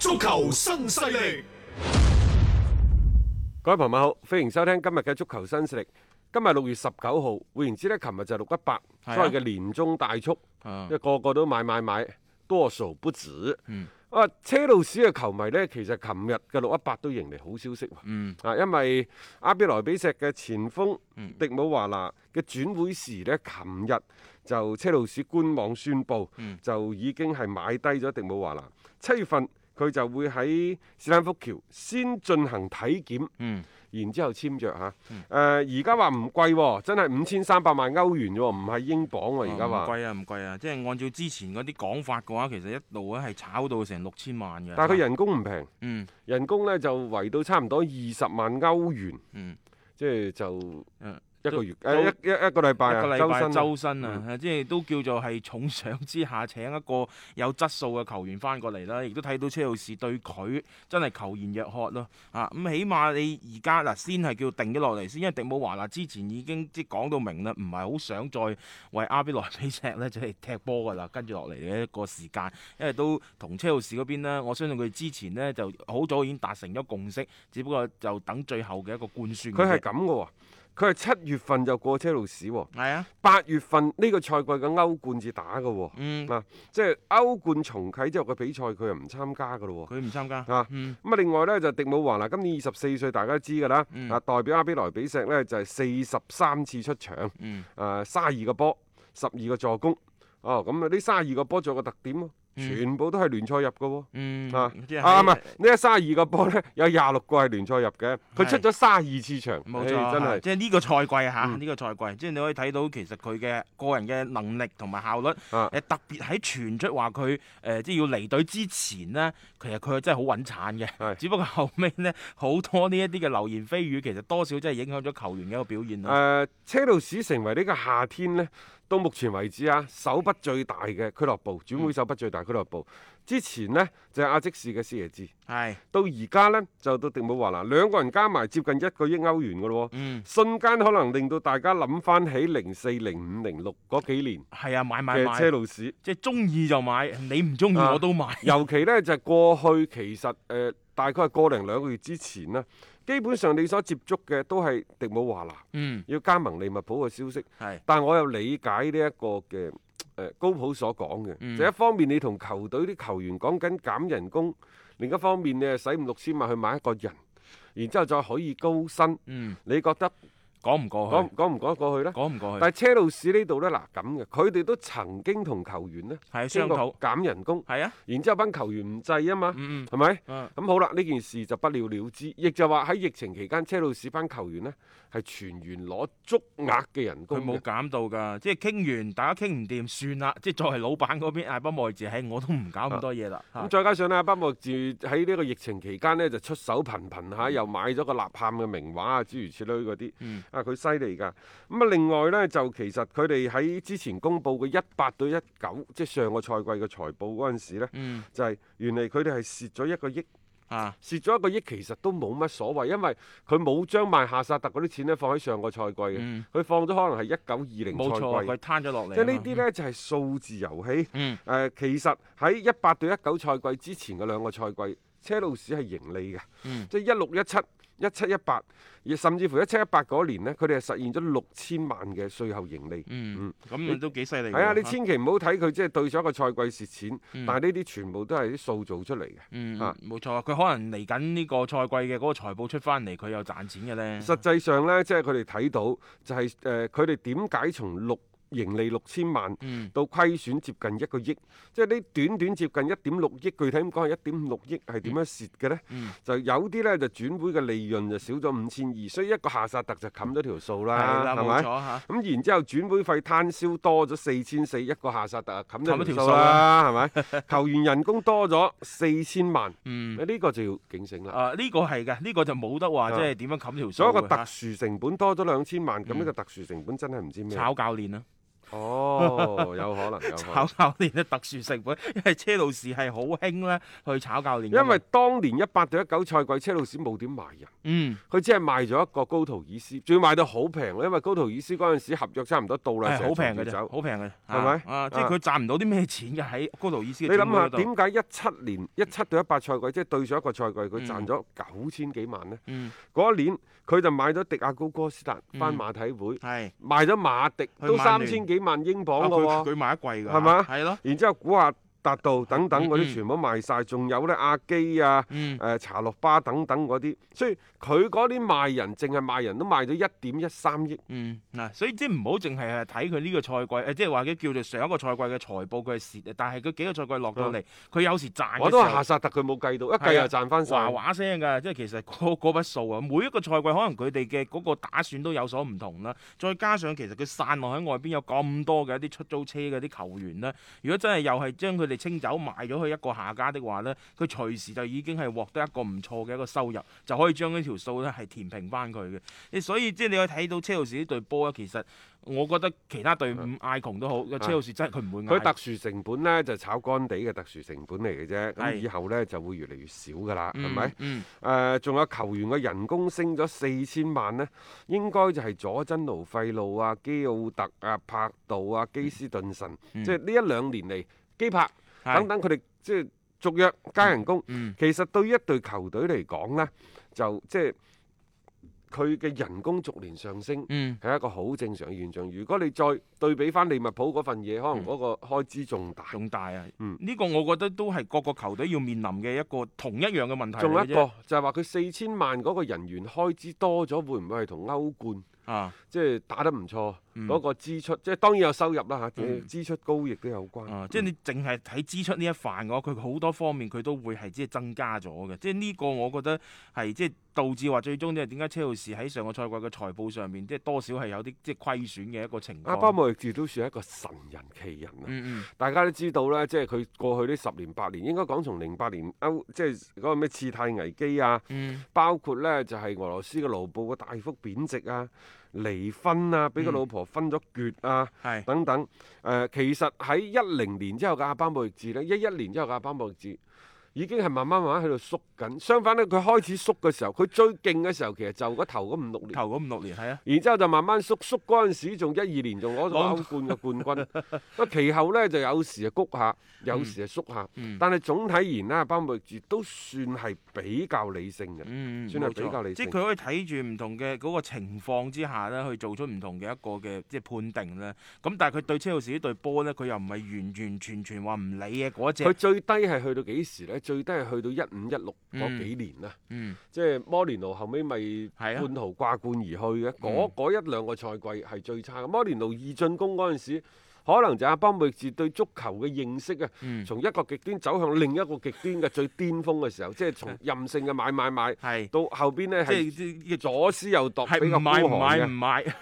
足球新勢力，各位朋友好，歡迎收聽今日嘅足球新勢力。今日六月十九號，換言之呢琴日就六一八，所謂嘅年終大促，因為個個都買買買，多數不止。啊、嗯，車路士嘅球迷呢，其實琴日嘅六一八都迎嚟好消息。啊、嗯，因為阿比萊比錫嘅前鋒、嗯、迪姆華拿嘅轉會時呢，琴日就車路士官網宣布，嗯、就已經係買低咗迪姆華拿。七月份。佢就會喺斯坦福橋先進行體檢，嗯、然之後簽約嚇。誒、啊，而家話唔貴喎，真係五千三百萬歐元喎，唔係英鎊喎。而家話唔貴啊，唔貴啊！即係按照之前嗰啲講法嘅話，其實一路咧係炒到成六千萬嘅。但係佢人工唔平，嗯、人工咧就圍到差唔多二十萬歐元，嗯、即係就。嗯一個月一都一個禮拜啊，一個禮拜周身啊，身嗯、即係都叫做係重賞之下，請一個有質素嘅球員翻過嚟啦。亦都睇到車路士對佢真係求賢若渴咯。啊，咁、嗯、起碼你而家嗱先係叫定咗落嚟先，因為迪武華嗱之前已經即係講到明啦，唔係好想再為阿比萊比錫咧就嚟踢波噶啦。跟住落嚟嘅一個時間，因為都同車路士嗰邊呢，我相信佢哋之前呢就好早已經達成咗共識，只不過就等最後嘅一個官宣。佢係咁噶喎。佢係七月份就過車路士喎、哦，啊，八月份呢個賽季嘅歐冠至打㗎喎、哦嗯啊，即係歐冠重啟之後嘅比賽、哦，佢又唔參加㗎咯喎，佢唔參加，嗯、啊，咁、嗯、啊另外呢，就係、迪武華啦，今年二十四歲，大家都知㗎啦，嗯、啊代表阿比萊比錫呢，就係四十三次出場，誒卅二個波，十二個助攻，哦、啊，咁、嗯、啊呢卅二個波仲有個特點、啊。全部都係聯賽入嘅喎、啊，嗯就是、啊啊唔係呢一三十二個波咧，有廿六個係聯賽入嘅，佢出咗三十二次場，冇錯真係即係呢個賽季吓，呢、啊嗯、個賽季即係你可以睇到，其實佢嘅個人嘅能力同埋效率，誒、啊、特別喺傳出話佢誒即係要離隊之前呢，其實佢真係好穩產嘅，是只不過後尾呢，好多呢一啲嘅流言蜚語，其實多少真係影響咗球員嘅一個表現啦。誒、啊，車路士成為呢個夏天呢。呢到目前為止啊，首筆最大嘅俱樂部轉會，首筆最大俱樂部、嗯、之前呢，就係、是、阿積士嘅施耶治，係是到而家呢，就到迪姆華啦，兩個人加埋接近一個億歐元噶咯喎，嗯、瞬間可能令到大家諗返起零四、零五、零六嗰幾年係啊，買買買，車路士，即係中意就買，你唔中意我都買、啊。尤其呢，就係、是、過去其實誒、呃、大概係個零兩個月之前呢。基本上你所接觸嘅都係迪姆華拿，嗯、要加盟利物浦嘅消息。是但我有理解呢一個嘅、呃、高普所講嘅，嗯、就一方面你同球隊啲球員講緊減人工，另一方面你係使五六千萬去買一個人，然之後再可以高薪。嗯、你覺得？講唔過,過,過去，講講唔講得過去咧？講唔過去。但係車路士呢度咧，嗱咁嘅，佢哋都曾經同球員咧，係商討減人工，係啊的。然之後班球員唔制啊嘛，係咪？咁好啦，呢件事就不了了之。亦就話喺疫情期間，車路士班球員呢，係全員攞足額嘅人工，佢冇減到噶。即係傾完，大家傾唔掂，算啦。即係作為老闆嗰邊，阿班莫治喺我都唔搞咁多嘢啦。咁的的再加上咧，阿班莫治喺呢個疫情期間呢，就出手頻頻吓，又買咗個立派嘅名畫啊，諸如此類嗰啲。嗯啊！佢犀利㗎。咁、嗯、啊，另外呢，就其實佢哋喺之前公佈嘅一八到一九，即係上個賽季嘅財報嗰陣時咧，嗯、就係原嚟佢哋係蝕咗一個億。啊！蝕咗一個億，其實都冇乜所謂，因為佢冇將賣夏薩特嗰啲錢呢，放喺上個賽季嘅，佢、嗯、放咗可能係一九二零賽季，佢攤咗落嚟。即係呢啲呢就係、是、數字遊戲。嗯、呃。其實喺一八到一九賽季之前嘅兩個賽季，車路士係盈利嘅。即係一六一七。嗯一七一八，18，甚至乎一七一八嗰年呢，佢哋係實現咗六千萬嘅稅後盈利。嗯，咁都幾犀利。係啊，你，嗯、你千祈唔好睇佢，即係對上一個賽季蝕錢，嗯、但係呢啲全部都係啲塑造出嚟嘅。嗯，冇、啊嗯、錯，佢可能嚟緊呢個賽季嘅嗰個財報出翻嚟，佢有賺錢嘅咧。實際上呢，即係佢哋睇到就係、是、誒，佢哋點解從六？盈利六千萬到虧損接近一個億，即係呢短短接近一點六億，具體咁講係一點六億係點樣蝕嘅呢？就有啲呢，就轉會嘅利潤就少咗五千二，所以一個夏薩特就冚咗條數啦，係咪、嗯？咁吧然之後轉會費攤銷多咗四千四，一個夏薩特條數條數啊冚咗條數啦，係咪吧？球員人工多咗四千萬，呢、嗯、個就要警醒啦。呢、呃這個係嘅，呢、這個就冇得話即係點樣冚條數。所以、啊、個特殊成本多咗兩千萬，咁、這、呢個特殊成本真係唔知咩、嗯、炒教練啊！哦，有可能，有可能，炒教練嘅特殊成本，因為車路士係好興啦，去炒教練。因為當年一八到一九賽季，車路士冇點賣人，嗯，佢只係賣咗一個高圖爾斯，仲要賣到好平咯，因為高圖爾斯嗰陣時合約差唔多到啦，係好平嘅啫，好平嘅，係咪啊？即係佢賺唔到啲咩錢嘅喺高圖爾斯。你諗下點解一七年一七到一八賽季，即係對上一個賽季，佢賺咗九千幾萬咧？嗯，嗰一年佢就買咗迪亞高哥斯達翻馬體會，係賣咗馬迪都三千幾萬英鎊佢佢買得貴噶，係嘛吧？係咯，然之後估下。達到等等嗰啲全部都賣曬，仲、嗯嗯、有咧阿基啊，誒、呃、查洛巴等等嗰啲，所以佢嗰啲賣人，淨係賣人都賣咗一點一三億。嗯，嗱，所以、呃、即係唔好淨係係睇佢呢個賽季，誒即係話佢叫做上一個賽季嘅財報佢係蝕，但係佢幾個賽季落到嚟，佢、嗯、有時賺時。我都下薩特佢冇計到，一計又賺翻曬。話、啊、話聲㗎，即係其實、那個個筆數啊，每一個賽季可能佢哋嘅嗰個打算都有所唔同啦、啊。再加上其實佢散落喺外邊有咁多嘅一啲出租車嘅啲球員咧、啊，如果真係又係將佢。你清走賣咗佢一個下家的話呢，佢隨時就已經係獲得一個唔錯嘅一個收入，就可以將呢條數呢係填平翻佢嘅。所以即係你可以睇到車路士呢隊波咧，其實我覺得其他隊伍嗌窮都好，個車路士真係佢唔會嗌。佢、嗯嗯嗯、特殊成本呢，就炒乾地嘅特殊成本嚟嘅啫，咁以後呢就會越嚟越少噶啦，係咪？嗯。誒，仲有球員嘅人工升咗四千萬呢，應該就係佐真奴費路啊、基奧特啊、柏杜啊、基斯頓神，即係呢一兩年嚟。機拍等等，佢哋即係續約加人工，嗯嗯、其實對於一隊球隊嚟講呢就即係佢嘅人工逐年上升，係、嗯、一個好正常嘅現象。如果你再對比翻利物浦嗰份嘢，可能嗰個開支仲大，仲、嗯、大啊！呢、嗯、個我覺得都係各個球隊要面臨嘅一個同一樣嘅問題。仲有一個就係話佢四千萬嗰個人員開支多咗，會唔會係同歐冠啊？即係打得唔錯。嗰、嗯、個支出即係當然有收入啦嚇，啊嗯、支出高亦都有關。啊，嗯、即係你淨係睇支出呢一範嘅話，佢好多方面佢都會係即係增加咗嘅。即係呢個我覺得係即係導致話最終即係點解車路士喺上個賽季嘅財報上面即係多少係有啲即係虧損嘅一個情況。阿巴莫域治都算係一個神人奇人啊！嗯嗯、大家都知道咧，即係佢過去呢十年八年，應該講從零八年歐、啊、即係嗰個咩次貸危機啊，嗯、包括咧就係、是、俄羅斯嘅盧布嘅大幅貶值啊。離婚啊，俾個老婆分咗橛啊，嗯、等等，誒、呃，其實喺一零年之後嘅阿巴莫域治咧，一一年之後嘅阿巴莫域治已經係慢慢慢慢喺度縮。相反咧，佢開始縮嘅時候，佢最勁嘅時候其實就嗰頭嗰五六年，頭嗰五六年係啊，然之後就慢慢縮縮嗰陣時，仲一二年仲攞歐冠嘅冠軍。咁 其後咧就有時就谷下，有時就縮下，嗯、但係總體而言呢，包伯柱都算係比較理性嘅，算係比較理性，即係佢可以睇住唔同嘅嗰個情況之下咧，去做出唔同嘅一個嘅即係判定咧。咁但係佢對車路士啲隊波呢，佢又唔係完完全全話唔理嘅嗰隻。佢最低係去到幾時呢？最低係去到一五一六。嗰幾、嗯、年啦，即係摩連奴後尾咪半途掛冠而去嘅，嗰、啊、一兩個賽季係最差。嗯、摩連奴二進攻嗰陣時，可能就阿波梅治對足球嘅認識啊，嗯、從一個極端走向另一個極端嘅、嗯、最巔峰嘅時候，即係從任性嘅買買買，是到後邊呢，即係左思右度比較孤寒嘅。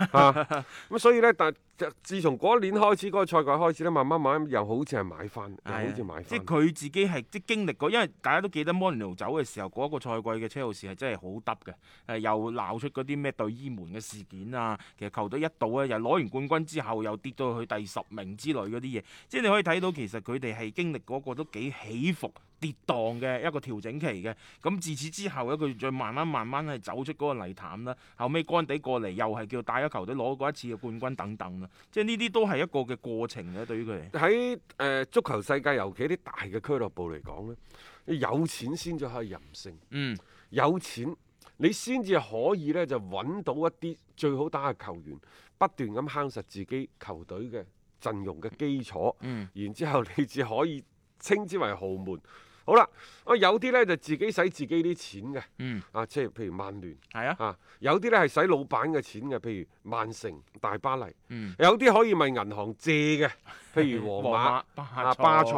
咁所以咧，但、 啊就自從嗰年開始，嗰、嗰個賽季開始咧，慢慢慢又好似係買翻，的好似買翻。即係佢自己係即係經歷過，因為大家都記得摩連奴走嘅時候，嗰、嗰個賽季嘅車路士係真係好得嘅，誒又鬧出嗰啲咩隊醫門嘅事件啊，其實球隊一度咧又攞完冠軍之後又跌到去第十名之類嗰啲嘢，即係你可以睇到其實佢哋係經歷嗰個都幾起伏。跌宕嘅一個調整期嘅，咁自此之後咧，佢再慢慢慢慢係走出嗰個泥潭啦。後尾乾地過嚟，又係叫帶咗球隊攞過一次嘅冠軍等等啦。即係呢啲都係一個嘅過程咧，對於佢嚟講喺誒足球世界，尤其啲大嘅俱樂部嚟講咧，有錢先至、嗯、可以任性。嗯，有錢你先至可以咧就揾到一啲最好打嘅球員，不斷咁坑實自己球隊嘅陣容嘅基礎。嗯，然之後你至可以稱之為豪門。好啦，我有啲咧就自己使自己啲錢嘅，嗯，啊，即係譬如曼聯，係啊，嚇、啊、有啲咧係使老闆嘅錢嘅，譬如曼城、大巴黎，嗯，有啲可以咪銀行借嘅，譬如皇馬、啊 巴塞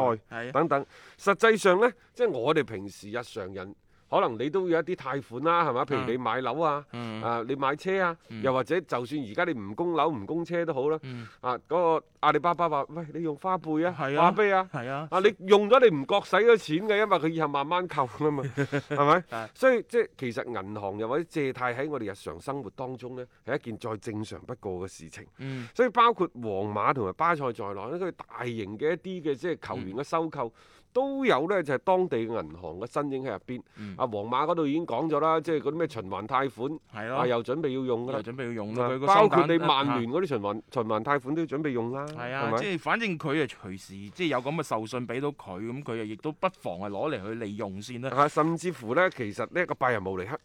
等等。實際上咧，即係我哋平時日常人。可能你都有一啲貸款啦，啊，係咪？譬如你買樓啊，嗯、啊你買車啊，嗯、又或者就算而家你唔供樓唔供車都好啦。啊，嗰、嗯啊個阿里巴巴話，喂，你用花唄啊，花唄、嗯、啊，嗯、啊你用咗你唔覺使咗錢嘅，因為佢以後慢慢扣啊嘛，係咪？所以即係其實銀行又或者借貸喺我哋日常生活當中呢，係一件再正常不過嘅事情。嗯、所以包括皇馬同埋巴塞在內咧，佢大型嘅一啲嘅即係球員嘅收購。嗯都有咧，就係、是、當地銀行嘅身影喺入邊。阿皇、嗯、馬嗰度已經講咗啦，即係嗰啲咩循環貸款，的啊又準備要用啦。又準備要用啦。包括你曼聯嗰啲循環循環貸款都要準備用啦。係啊，即係反正佢啊隨時即係有咁嘅授信俾到佢，咁佢啊亦都不妨係攞嚟去利用先啦。啊，甚至乎咧，其實呢一個拜仁慕尼黑。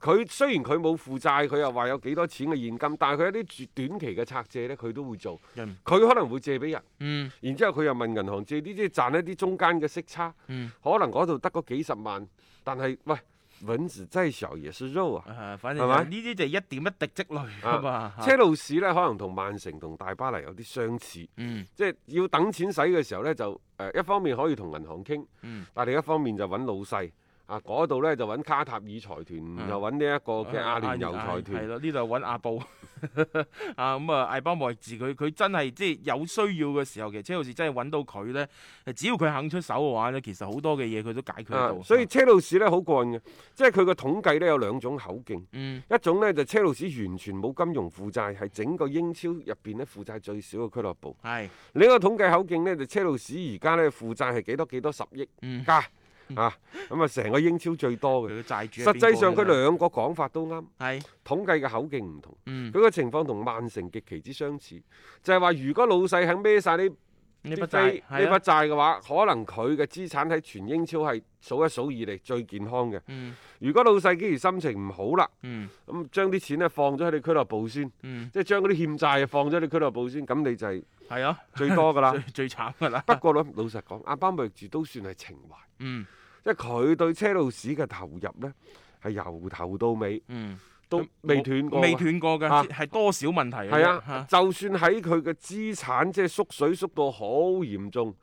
佢雖然佢冇負債，佢又話有幾多錢嘅現金，但係佢有啲短短期嘅拆借呢，佢都會做。佢可能會借俾人，嗯、然之後佢又問銀行借呢啲，即係賺一啲中間嘅息差。嗯、可能嗰度得嗰幾十萬，但係喂蚊子再小也是肉啊。係嘛反正係嘛？呢啲就一點一滴積累啊嘛。車路士咧，可能同曼城同大巴黎有啲相似。嗯、即係要等錢使嘅時候咧，就誒、呃、一方面可以同銀行傾，行但係一方面就揾老細。嗰度咧就揾卡塔爾財團，嗯、又揾呢一個嘅阿聯酋財團。係咯，呢度揾阿布呵呵啊咁啊、嗯，艾巴莫治佢佢真係即係有需要嘅時候，其實車路士真係揾到佢咧。只要佢肯出手嘅話咧，其實好多嘅嘢佢都解決到啊。所以車路士咧好過癮嘅，即係佢個統計咧有兩種口徑。嗯、一種咧就車路士完全冇金融負債，係整個英超入邊咧負債最少嘅俱樂部。係、嗯。另一個統計口徑咧就車路士而家咧負債係幾多幾多十億？嗯。嚇，咁啊！成個英超最多嘅債，實際上佢兩個講法都啱。係統計嘅口徑唔同，佢個情況同曼城極其之相似，就係話如果老細喺孭曬呢呢筆債，呢筆債嘅話，可能佢嘅資產喺全英超係數一數二嚟最健康嘅。如果老細既然心情唔好啦，咁將啲錢咧放咗喺你俱樂部先，即係將嗰啲欠債放咗喺你俱樂部先，咁你就係係啊最多噶啦，最最慘噶啦。不過老老實講，阿巴莫域治都算係情懷。嗯。即係佢對車路士嘅投入呢，係由頭到尾都未斷過，未、嗯、斷過嘅係、啊、多少問題？係啊，啊就算喺佢嘅資產即係縮水縮到好嚴重。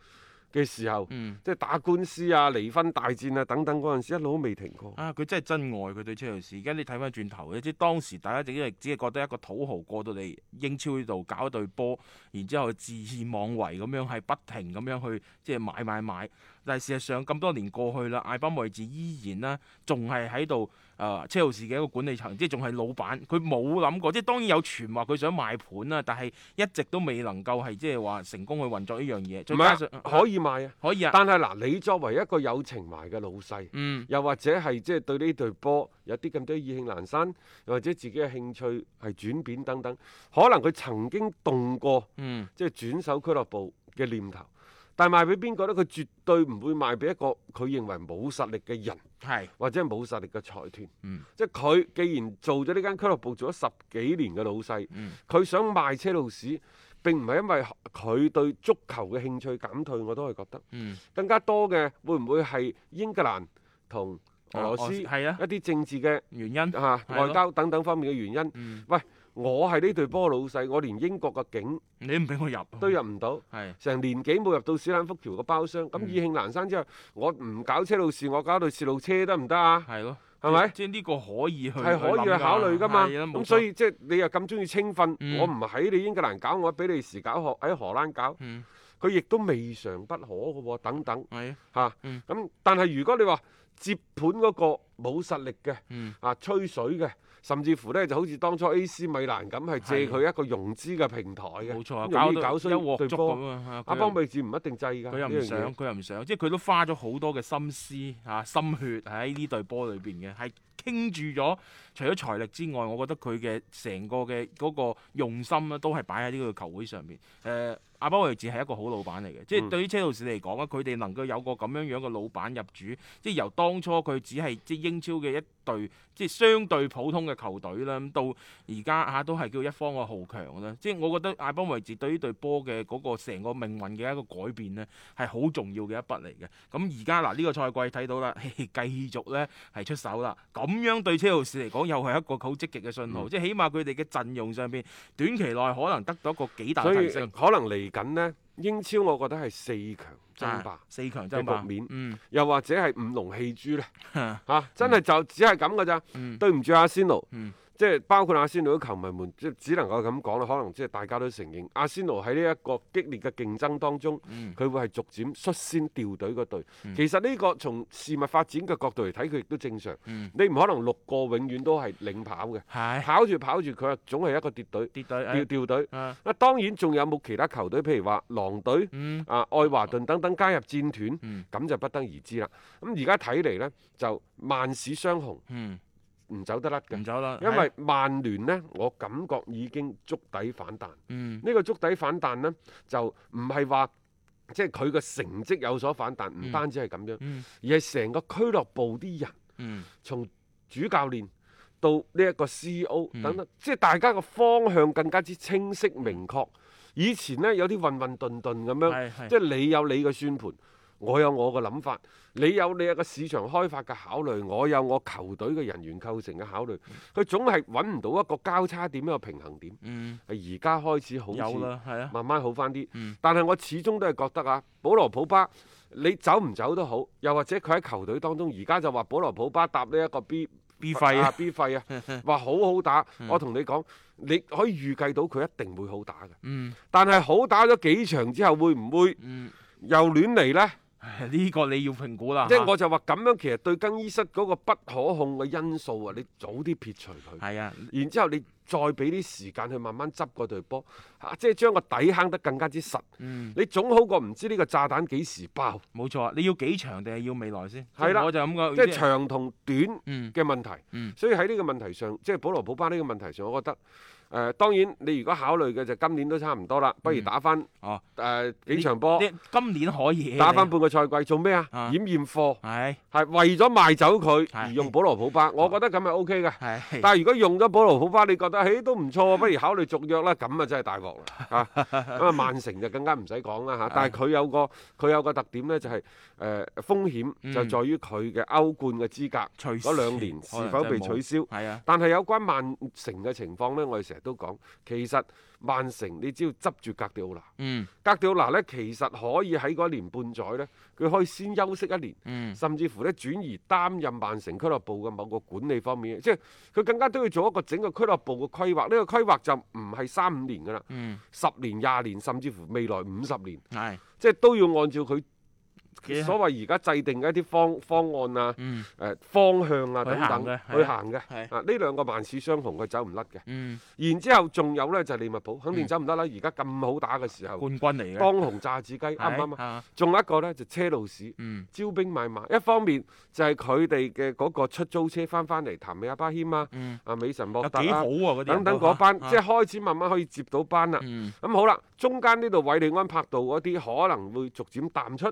嘅時候，即係打官司啊、離婚大戰啊等等嗰陣時，一路都未停過。啊，佢真係真愛佢對車路士。而家你睇翻轉頭，即係當時大家只係只係覺得一個土豪過到嚟英超呢度搞一隊波，然之後恣意妄為咁樣，係不停咁樣去即係買買買。但係事實上咁多年過去啦，艾巴梅治依然呢仲係喺度。誒車路士嘅一個管理層，即係仲係老闆，佢冇諗過，即係當然有傳話佢想賣盤啦，但係一直都未能夠係即係話成功去運作一樣嘢。唔係、啊、可以賣啊，可以啊。但係嗱，你作為一個有情懷嘅老細，嗯，又或者係即係對呢隊波有啲咁多意興闌珊，又或者自己嘅興趣係轉變等等，可能佢曾經動過，嗯，即係轉手俱樂部嘅念頭。但係賣俾邊個呢？佢絕對唔會賣俾一個佢認為冇實力嘅人，係是或者冇實力嘅財團。嗯、即係佢既然做咗呢間俱樂部做咗十幾年嘅老細，佢、嗯、想賣車路士並唔係因為佢對足球嘅興趣減退，我都係覺得。嗯、更加多嘅會唔會係英格蘭同俄羅斯，啊俄羅斯啊、一啲政治嘅原因嚇、啊、外交等等方面嘅原因。嗯、喂。我係呢隊波老細，我連英國嘅境，你唔俾我入，都入唔到。成年幾冇入到史丹福橋嘅包廂。咁意興闌珊之後，我唔搞車路士，我搞隊士路車得唔得啊？係咯，係咪？即係呢個可以去，係可以去考慮㗎嘛。咁所以即係你又咁中意青訓，我唔喺你英格蘭搞，我喺比利時搞，學喺荷蘭搞，佢亦都未嘗不可嘅喎。等等，係嚇，咁但係如果你話接盤嗰個冇實力嘅，啊吹水嘅。甚至乎咧，就好似當初 AC 米蘭咁，係借佢一個融資嘅平台嘅。冇錯，容易搞衰一鑊粥啊！阿邦秘至唔一定制㗎。佢、啊、又唔想，佢又唔想，即係佢都花咗好多嘅心思嚇、啊、心血喺呢隊波裏邊嘅，係傾住咗。除咗財力之外，我覺得佢嘅成個嘅嗰個用心咧，都係擺喺呢個球會上面。誒、啊。阿邦維治係一個好老闆嚟嘅，嗯、即係對於車路士嚟講，佢哋能夠有個咁樣樣嘅老闆入主，即係由當初佢只係即係英超嘅一隊，即係相對普通嘅球隊啦。到而家嚇都係叫一方嘅豪強啦。即係我覺得阿邦維治對於隊波嘅嗰個成個命運嘅一個改變咧，係好重要嘅一筆嚟嘅。咁而家嗱呢個賽季睇到啦，繼續咧係出手啦。咁樣對車路士嚟講又係一個好積極嘅信號，嗯、即係起碼佢哋嘅陣容上邊短期內可能得到一個幾大提升，可能嚟。緊咧，英超我覺得係四強爭霸、啊，四強爭霸嘅局面，又或者係五龍戲珠咧，嚇、啊啊，真係就只係咁嘅咋，嗯，對唔住阿仙奴，啊啊嗯即係包括阿仙奴嘅球迷們，即只能夠咁講啦。可能即係大家都承認，阿仙奴喺呢一個激烈嘅競爭當中，佢會係逐漸率先掉隊嗰隊。其實呢個從事物發展嘅角度嚟睇，佢亦都正常。你唔可能六個永遠都係領跑嘅，跑住跑住佢啊，總係一個跌隊、掉掉隊。啊，當然仲有冇其他球隊，譬如話狼隊、啊愛華頓等等加入戰團，咁就不得而知啦。咁而家睇嚟呢，就曼市雙雄。唔走得甩嘅，走，因為曼聯呢，我感覺已經觸底反彈。呢、嗯、個觸底反彈呢，就唔係話即係佢嘅成績有所反彈，唔單止係咁樣，嗯嗯、而係成個俱樂部啲人，從、嗯、主教練到呢一個 CEO 等等，嗯、即係大家嘅方向更加之清晰明確。嗯、以前呢，有啲混混沌沌咁樣，即係你有你嘅宣判。我有我嘅諗法，你有你一個市場開發嘅考慮，我有我球隊嘅人員構成嘅考慮，佢總係揾唔到一個交叉點，一個平衡點。而家、嗯、開始好似有慢慢好翻啲。啊嗯、但係我始終都係覺得啊，保羅普巴，你走唔走都好，又或者佢喺球隊當中而家就話保羅普巴搭呢一個 B B 費啊 B 費啊，話、啊、 好好打。嗯、我同你講，你可以預計到佢一定會好打嘅。嗯、但係好打咗幾場之後，會唔會又亂嚟呢？呢個你要評估啦，即係我就話咁樣，其實對更衣室嗰個不可控嘅因素啊，你早啲撇除佢。係啊、然之後你再俾啲時間去慢慢執嗰隊波，啊、即係將個底坑得更加之實。嗯、你總好過唔知呢個炸彈幾時爆。冇錯，你要幾長定係要未來先？係啦、啊，我就咁噶，即係長同短嘅問題。嗯嗯、所以喺呢個問題上，即係保羅普巴呢個問題上，我覺得。誒、呃，當然你如果考慮嘅就今年都差唔多啦，不如打翻、嗯、哦誒、呃、幾場波。今年可以打翻半個賽季做咩啊？驗驗貨係為咗賣走佢而用保羅普巴，啊、我覺得咁係 OK 嘅。啊、但係如果用咗保羅普巴，你覺得嘿都唔錯，不如考慮續約啦。咁 啊真係大鑊啦，咁啊曼城就更加唔使講啦吓。但係佢有個佢有個特點呢，就係、是、誒、呃、風險就在於佢嘅歐冠嘅資格嗰兩、嗯、年是否被取消。啊、但係有關曼城嘅情況呢，我哋成日，都講，其實曼城你只要執住哥迪奧拿，嗯、哥迪奧拿咧，其實可以喺一年半載咧，佢可以先休息一年，嗯、甚至乎咧轉而擔任曼城俱樂部嘅某個管理方面，即係佢更加都要做一個整個俱樂部嘅規劃。呢、這個規劃就唔係三五年㗎啦，嗯、十年廿年，甚至乎未來五十年，嗯、即係是都要按照佢。所謂而家制定嘅一啲方方案啊，誒方向啊等等去行嘅，啊呢兩個萬事相同，佢走唔甩嘅。然之後仲有呢，就利物浦，肯定走唔甩啦。而家咁好打嘅時候，冠軍嚟嘅，當紅炸子雞，啱唔啱啊？仲有一個呢，就車路士，招兵買馬。一方面就係佢哋嘅嗰個出租車翻翻嚟，譚美阿巴謙啊，啊美神莫達等等嗰班，即係開始慢慢可以接到班啦。咁好啦，中間呢度韋利安柏度嗰啲可能會逐漸淡出。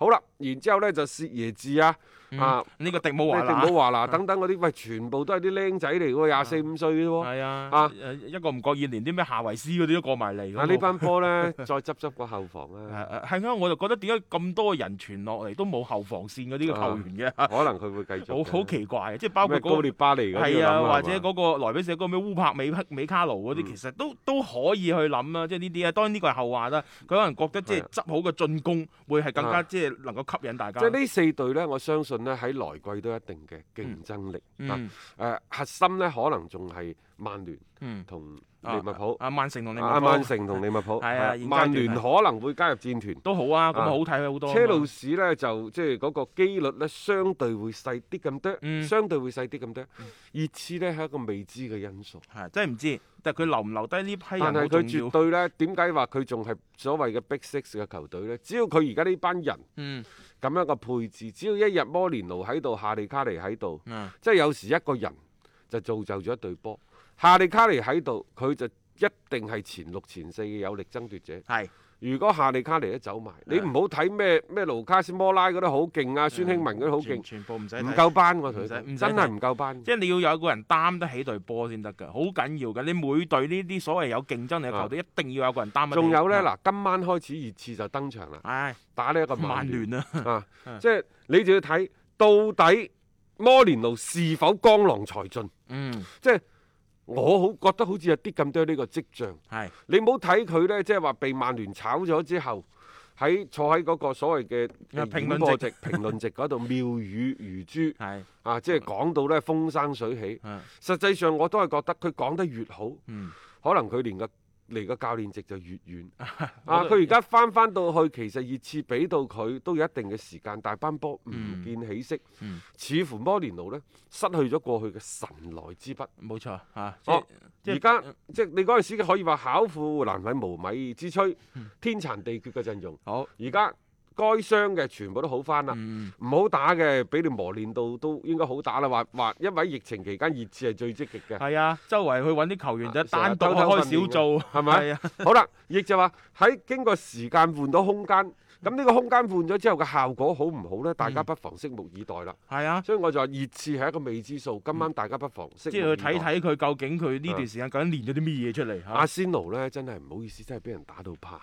好啦，然之後咧就是涉椰子啊。啊！呢個迪姆華迪姆華嗱，等等嗰啲，喂，全部都係啲僆仔嚟喎，廿四五歲啫喎。係啊，一個唔覺意連啲咩夏維斯嗰啲都過埋嚟。啊，呢班波咧，再執執個後防啦。係啊，係啊，我就覺得點解咁多人傳落嚟都冇後防線嗰啲後援嘅？可能佢會繼續。好好奇怪，即係包括高列巴嚟嘅。係啊，或者嗰個萊比錫嗰個咩烏柏美美卡魯嗰啲，其實都都可以去諗啊。即係呢啲啊。當然呢個係後話啦。佢可能覺得即係執好個進攻會係更加即係能夠吸引大家。即係呢四隊咧，我相信。喺來季都一定嘅競爭力、嗯、啊、呃！核心咧可能仲係曼聯同、嗯、利物浦啊，曼城同利物浦，曼城同利物浦，係啊，曼聯、 啊、可能會加入戰團都好啊，咁好睇好多、啊。車路士呢，就即係嗰個機率呢，相對會細啲咁多，嗯、相對會細啲咁多。熱刺、嗯、呢係一個未知嘅因素，係、啊、真係唔知。但係佢留唔留低呢批人好重要，絕對呢點解話佢仲係所謂嘅 big six 嘅球隊呢？只要佢而家呢班人嗯。咁樣個配置，只要一日摩連奴喺度，夏利卡尼喺度，嗯、即係有時一個人就造就咗一隊波。夏利卡尼喺度，佢就一定係前六前四嘅有力爭奪者。如果夏利卡尼都走埋，你唔好睇咩咩盧卡斯摩拉嗰啲好勁啊，孫興文嗰啲好勁，全部唔使，唔夠班我同你講，真係唔夠班。即係你要有個人擔得起隊波先得噶，好緊要噶。你每隊呢啲所謂有競爭力嘅球隊，一定要有個人擔。仲有咧嗱，今晚開始熱刺就登場啦，打呢一個曼聯啊，即係你就要睇到底摩連奴是否江郎才盡，即係。我好覺得好似有啲咁多呢個跡象。係的，你唔好睇佢呢，即係話被曼聯炒咗之後，喺坐喺嗰個所謂嘅評論席、評論席嗰度 妙語如珠。的啊，即係講到呢風生水起。嗯的，實際上我都係覺得佢講得越好，嗯，可能佢連個離個教練席就越遠啊！佢而家返返到去，其實熱刺俾到佢都有一定嘅時間，但係班波唔見起色，似乎摩連奴咧失去咗過去嘅神來之筆。冇錯嚇，哦！而家即係你嗰陣時可以話巧婦難為無米之炊，天殘地缺嘅陣容。好，而家。該傷嘅全部都好翻啦，唔好打嘅俾你磨練到都應該好打啦，話話，因為疫情期間熱刺係最積極嘅。係啊，周圍去揾啲球員啫，單獨開小灶，係咪？係啊，好啦，亦就話喺經過時間換到空間，咁呢個空間換咗之後嘅效果好唔好呢？大家不妨拭目以待啦。係啊，所以我就話熱刺係一個未知數，今晚大家不妨即係去睇睇佢究竟佢呢段時間究竟練咗啲咩嘢出嚟。阿仙奴呢，真係唔好意思，真係俾人打到怕。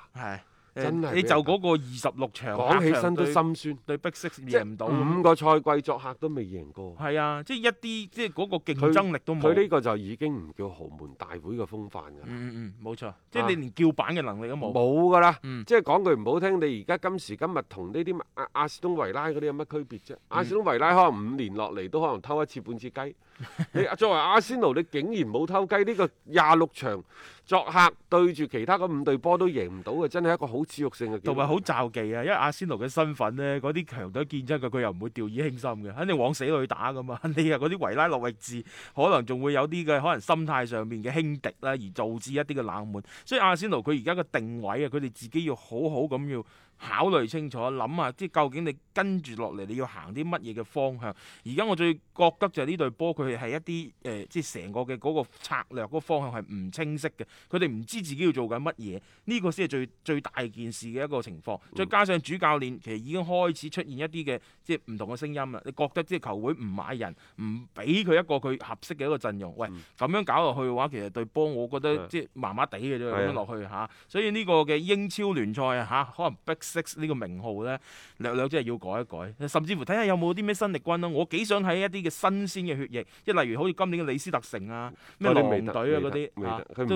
真係、嗯、你就嗰個二十六場講起身都心酸，對 Big Six 贏唔到，五個賽季作客都未贏過。係啊，即係一啲即係嗰個競爭力都冇。佢呢個就已經唔叫豪門大會嘅風範㗎啦、嗯。嗯嗯，冇錯，即係你連叫板嘅能力都冇。冇㗎啦。嗯、即係講句唔好聽，你而家今時今日同呢啲阿阿士東維拉嗰啲有乜區別啫？阿、啊嗯、士東維拉可能五年落嚟都可能偷一次半次雞。 你作為阿仙奴，你竟然冇偷雞呢、呢個廿六場？作客對住其他嗰五隊波都贏唔到嘅，真係一個好恥辱性嘅機會，同埋好招忌啊！因為阿仙奴嘅身份呢，嗰啲強隊見真佢，佢又唔會掉以輕心嘅，肯定往死去打噶嘛。你又嗰啲維拉、諾域治，可能仲會有啲嘅可能心態上面嘅輕敵啦、啊，而導致一啲嘅冷門。所以阿仙奴佢而家嘅定位啊，佢哋自己要好好咁要。考慮清楚，諗下即係究竟你跟住落嚟你要行啲乜嘢嘅方向？而家我最覺得就係呢隊波佢係一啲誒、呃，即係成個嘅嗰個策略嗰個方向係唔清晰嘅。佢哋唔知自己要做緊乜嘢，呢、這個先係最最大件事嘅一個情況。再加上主教練其實已經開始出現一啲嘅即係唔同嘅聲音啦。你覺得即係球會唔買人，唔俾佢一個佢合適嘅一個陣容，喂咁樣搞落去嘅話，其實對波我覺得的即係麻麻地嘅啫，咁樣落去嚇的、啊。所以呢個嘅英超聯賽啊嚇，可能逼。呢個名號咧，略略即係要改一改，甚至乎睇下有冇啲咩新力軍啦。我幾想睇一啲嘅新鮮嘅血液，即係例如好似今年嘅李斯特城啊，咩狼隊啊嗰啲，佢唔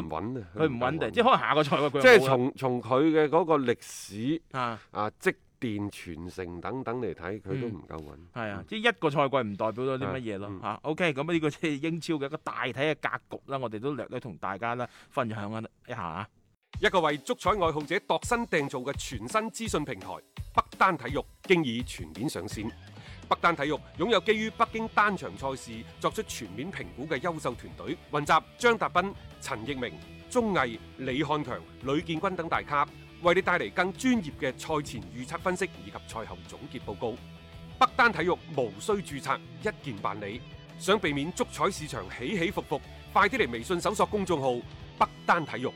穩啊，佢唔穩定，即係可能下個賽季。即係從從佢嘅嗰個歷史啊啊積電傳承等等嚟睇，佢都唔夠穩。係啊，即係一個賽季唔代表到啲乜嘢咯嚇。OK，咁呢個即係英超嘅一個大體嘅格局啦，我哋都略略同大家啦分享一下。一個為足彩愛好者度身訂造嘅全新資訊平台，北單體育經已全面上線。北單體育擁有基於北京單場賽事作出全面評估嘅優秀團隊，雲集張達斌、陳奕明、鐘毅、李漢強、呂建軍等大咖，為你帶嚟更專業嘅賽前預測分析以及賽後總結報告。北單體育無需注冊，一鍵辦理。想避免足彩市場起起伏伏，快啲嚟微信搜索公眾號，北單體育。